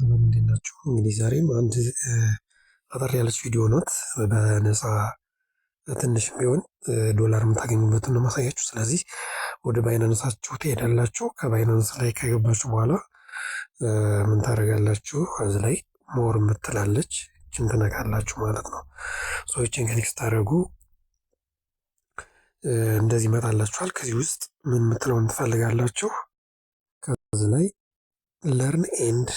ሰላም እንዴት ናችሁ? እንግዲህ ዛሬም አንድ አጠር ያለች ቪዲዮ ናት። በነፃ ትንሽ ቢሆን ዶላር የምታገኙበትን ነው ማሳያችሁ። ስለዚህ ወደ ባይናንሳችሁ ትሄዳላችሁ። ከባይናንስ ላይ ከገባችሁ በኋላ ምን ታደርጋላችሁ? እዚህ ላይ ሞር የምትላለች እችን ትነካላችሁ ማለት ነው። ሰዎችን ክሊክ ስታደርጉ እንደዚህ ይመጣላችኋል። ከዚህ ውስጥ ምን የምትለውን ትፈልጋላችሁ? ከዚህ ላይ ለርን ኤንድ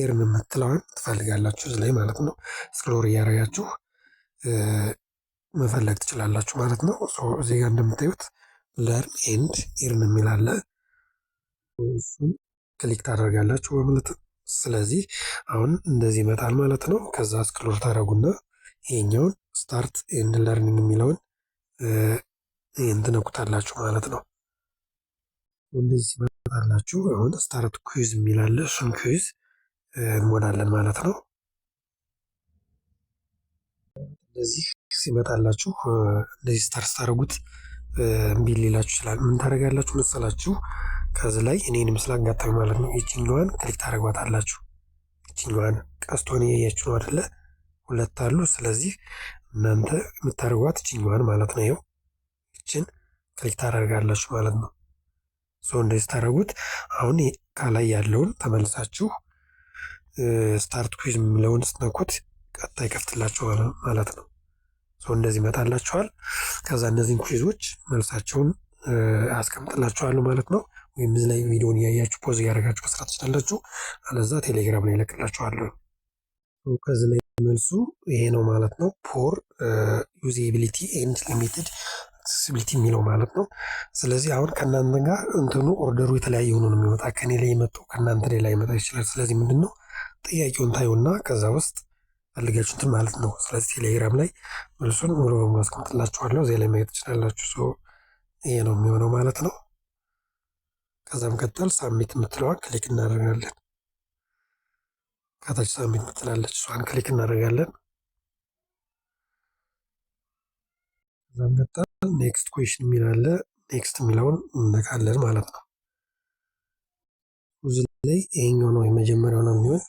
ኤርን የምትለዋን ትፈልጋላችሁ እዚህ ላይ ማለት ነው። ስክሮል እያደረጋችሁ መፈለግ ትችላላችሁ ማለት ነው። እዚህ ጋር እንደምታዩት ለርን ኤንድ ኤርን የሚል አለ። እሱን ክሊክ ታደርጋላችሁ በምልት። ስለዚህ አሁን እንደዚህ ይመጣል ማለት ነው። ከዛ ስክሮል ታደረጉና ይሄኛውን ስታርት ኤንድ ለርኒንግ የሚለውን ይህን ትነኩታላችሁ ማለት ነው። እንደዚህ ሲመጣላችሁ አሁን ስታርት ኩዝ የሚላለ እሱን ኩዝ እንሞላለን ማለት ነው። እንደዚህ ሲመጣላችሁ እንደዚህ ስታር ስታደርጉት እምቢ ሊላችሁ ይችላል። ምን ታደርጋላችሁ መሰላችሁ? ከዚህ ላይ እኔን ምስል ስላጋጣሚ ማለት ነው ይችኛዋን ክሊክ ታደርጓታላችሁ። ይችኛዋን ቀስቷን እያያችሁ ነው አደለ? ሁለት አሉ። ስለዚህ እናንተ የምታደርጓት ይችኛዋን ማለት ነው። ይኸው ይችን ክሊክ ታደርጋላችሁ ማለት ነው። ሶ እንደዚህ ታደርጉት አሁን ከላይ ያለውን ተመልሳችሁ ስታርት ኩዊዝ የሚለውን ስትነኩት ቀጥታ ይከፍትላችኋል ማለት ነው። እንደዚህ ይመጣላችኋል። ከዛ እነዚህን ኩዊዞች መልሳቸውን አስቀምጥላችኋለሁ ማለት ነው። ወይም እዚህ ላይ ቪዲዮን እያያችሁ ፖዝ እያደረጋችሁ መስራት ትችላላችሁ። አለዛ ቴሌግራም ላይ እለቅላችኋለሁ። ከዚህ ላይ መልሱ ይሄ ነው ማለት ነው። ፖር ዩዚቢሊቲ ኤንድ ሊሚትድ አክሴሲቢሊቲ የሚለው ማለት ነው። ስለዚህ አሁን ከእናንተ ጋር እንትኑ ኦርደሩ የተለያየ ሆኖ ነው የሚመጣ። ከኔ ላይ የመጣው ከእናንተ ሌላ መጣ ይችላል። ስለዚህ ምንድን ነው ጥያቄውን ታዩና ከዛ ውስጥ ፈልጋችሁትን ማለት ነው። ስለዚህ ቴሌግራም ላይ መልሱን ሙሉ በሙሉ አስቀምጥላችኋለሁ። እዚያ ላይ ማየት ትችላላችሁ። ሰው ይሄ ነው የሚሆነው ማለት ነው። ከዛም ቀጠል ሳሚት የምትለዋን ክሊክ እናደርጋለን። ከታች ሳሚት የምትላለች እሷን ክሊክ እናደርጋለን። ከዛም ቀጠል ኔክስት ኩዌሽን የሚል አለ። ኔክስት የሚለውን እነካለን ማለት ነው። እዚህ ላይ ይሄኛው ነው የመጀመሪያው ነው የሚሆን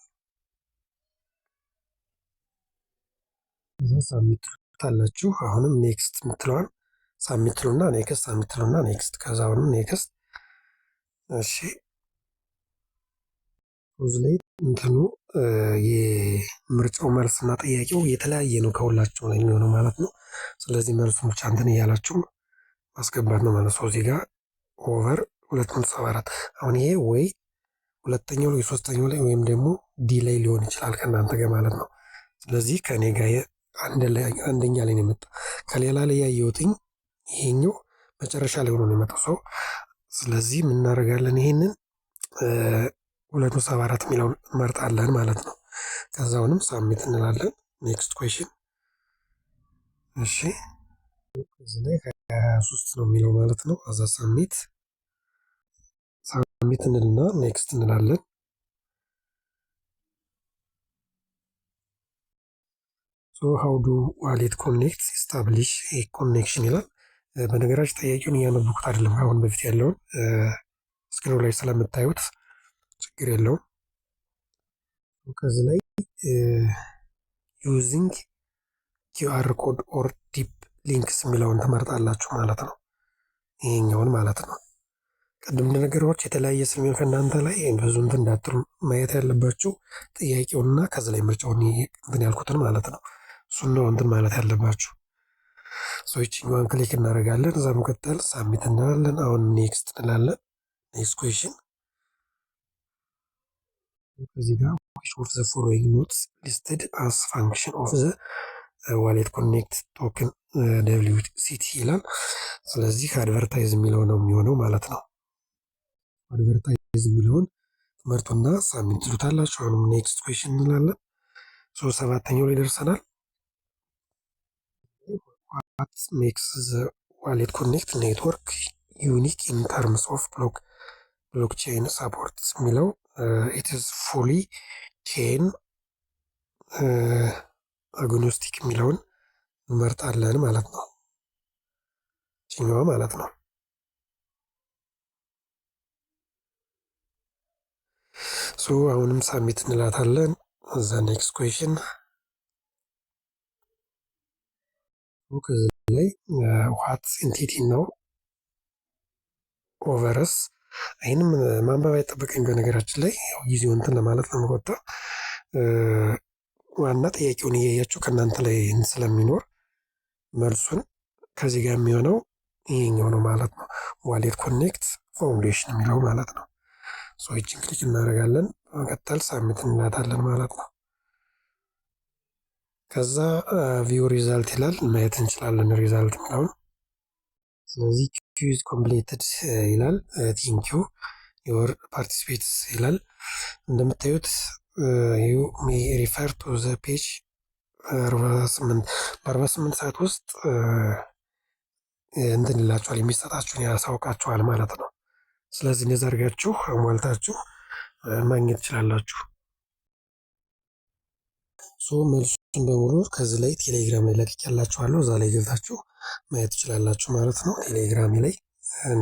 ከዛ ሳሚት ታላችሁ አሁንም ኔክስት የምትለዋል ሳሚት ኔክስት ሳሚት ኔክስት ከዛ አሁንም ኔክስት እሺ ፖዝ ላይ እንትኑ የምርጫው መልስ እና ጥያቄው የተለያየ ነው ከሁላቸው ላይ የሚሆነው ማለት ነው። ስለዚህ መልሱን ብቻ እንትን እያላችሁ ማስገባት ነው ማለት ነው። እዚህ ጋር ኦቨር ሁለት ነጥብ ሰባ አራት አሁን ይሄ ወይ ሁለተኛው ወይ ሶስተኛው ላይ ወይም ደግሞ ዲ ላይ ሊሆን ይችላል ከእናንተ ጋር ማለት ነው። ስለዚህ ከኔ ጋር አንደኛ ላይ ነው የመጣ ከሌላ ላይ ያየሁትኝ ይሄኛው መጨረሻ ላይ ሆኖ ነው የመጣው ሰው። ስለዚህ ምን እናደርጋለን? ይሄንን ሁለት መቶ ሰባ አራት የሚለውን እንመርጣለን ማለት ነው። ከዛውንም ሳሚት እንላለን። ኔክስት ኩዌሽን እሺ፣ እዚህ ላይ ሀያ ሶስት ነው የሚለው ማለት ነው። አዛ ሳሚት ሳሚት እንልና ኔክስት እንላለን። ሃው ዱ ዋሌት ኮኔክት ኢስታብሊሽ ኮኔክሽን ይላል። eh, በነገራችን ጥያቄውን እያነበብኩት አይደለም አሁን በፊት ያለውን eh, ስክሪኑ ላይ ስለምታዩት ችግር የለውም። ከዚህ ላይ ዩዚንግ ኪውአር ኮድ ኦር ዲፕ ሊንክስ የሚለውን ትመርጣላችሁ ማለት ነው። ይሄኛውን ማለት ነው። ቅድም ነገሮች የተለያየ ስለሚሆን ከእናንተ ላይ ብዙ እንትን እንዳትሉ ማየት ያለባችሁ ጥያቄውንና ከዚህ ላይ ምርጫውን እንትን ያልኩትን ማለት ነው። እሱን ነው እንትን ማለት ያለባችሁ። ሶ ይችኛዋን ክሊክ እናደርጋለን። እዛ መቀጠል ሳሚት እንላለን። አሁን ኔክስት እንላለን። ኔክስት ኩዌሽን እዚህ ጋር which of the following nodes listed as function of the ዋሌት ኮኔክት ቶክን ደብሊው ሲቲ ይላል። ስለዚህ አድቨርታይዝ የሚለው ነው የሚሆነው ማለት ነው። አድቨርታይዝ የሚለውን ትምህርቱና ሳሚንት ትሉታላችሁ። አሁንም ኔክስት ኩዌሽን እንላለን። ሶ ሰባተኛው ላይ ደርሰናል። What makes the wallet connect ኔትወርክ ዩኒክ ኢን ተርምስ ኦፍ ብሎክ ብሎክቼን ሳፖርትስ የሚለው ኢትስ ፉሊ ቼን አግኖስቲክ የሚለውን እንመርጣለን ማለት ነው። ችኛዋ ማለት ነው። ሶ አሁንም ሳሚት እንላታለን። እዛ ኔክስት ኩዌሽን ፌስቡክ ላይ ዋት ኢንቲቲ ነው ኦቨርስ ይህንም ማንበብ አይጠበቀኝ በነገራችን ላይ ያው ጊዜው እንትን ለማለት ነው የምቆጠው። ዋና ጥያቄውን እያያቸው ከእናንተ ላይ ስለሚኖር መልሱን ከዚህ ጋር የሚሆነው ይሄኛው ነው ማለት ነው። ዋሌት ኮኔክት ፋውንዴሽን የሚለው ማለት ነው። ሰዎችን ክሊክ እናደርጋለን። በመቀጠል ሳሚት እንላታለን ማለት ነው። ከዛ ቪው ሪዛልት ይላል ማየት እንችላለን ሪዛልት የሚለውን። ስለዚህ ኪዝ ኮምፕሌትድ ይላል ቲንኪዩ ዮር ፓርቲሲፔትስ ይላል። እንደምታዩት ዩ ሜይ ሪፈር ቱ ዘ ፔጅ በአርባ ስምንት ሰዓት ውስጥ እንትን ይላችኋል የሚሰጣችሁን ያሳውቃችኋል ማለት ነው። ስለዚህ እንደዛ አድርጋችሁ አሟልታችሁ ማግኘት ትችላላችሁ። ሶ መልሱ በሙሉ ከዚህ ላይ ቴሌግራም ላይ ያላችኋለሁ እዛ ላይ ገብታችሁ ማየት ትችላላችሁ ማለት ነው። ቴሌግራም ላይ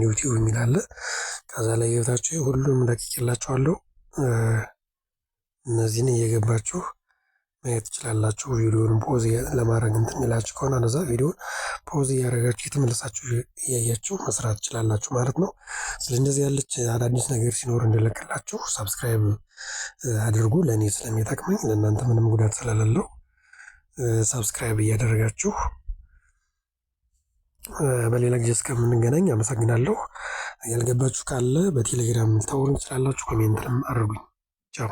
ዩቲዩብ የሚል አለ ከዛ ላይ ገብታችሁ ሁሉም ያላችኋለሁ። እነዚህን እየገባችሁ ማየት ትችላላችሁ። ቪዲዮን ፖዝ ለማድረግ እንትን የሚላችሁ ከሆነ እነዛ ቪዲዮን ፖዝ እያደረጋችሁ የተመለሳችሁ እያያችሁ መስራት ትችላላችሁ ማለት ነው። ስለ እንደዚህ ያለች አዳዲስ ነገር ሲኖር እንድለቅላችሁ ሰብስክራይብ አድርጉ። ለእኔ ስለሚጠቅመኝ ለእናንተ ምንም ጉዳት ስለሌለው ሰብስክራይብ እያደረጋችሁ በሌላ ጊዜ እስከምንገናኝ አመሰግናለሁ። ያልገባችሁ ካለ በቴሌግራም ልታወሩ ትችላላችሁ። ኮሜንትንም አድርጉኝ። ቻው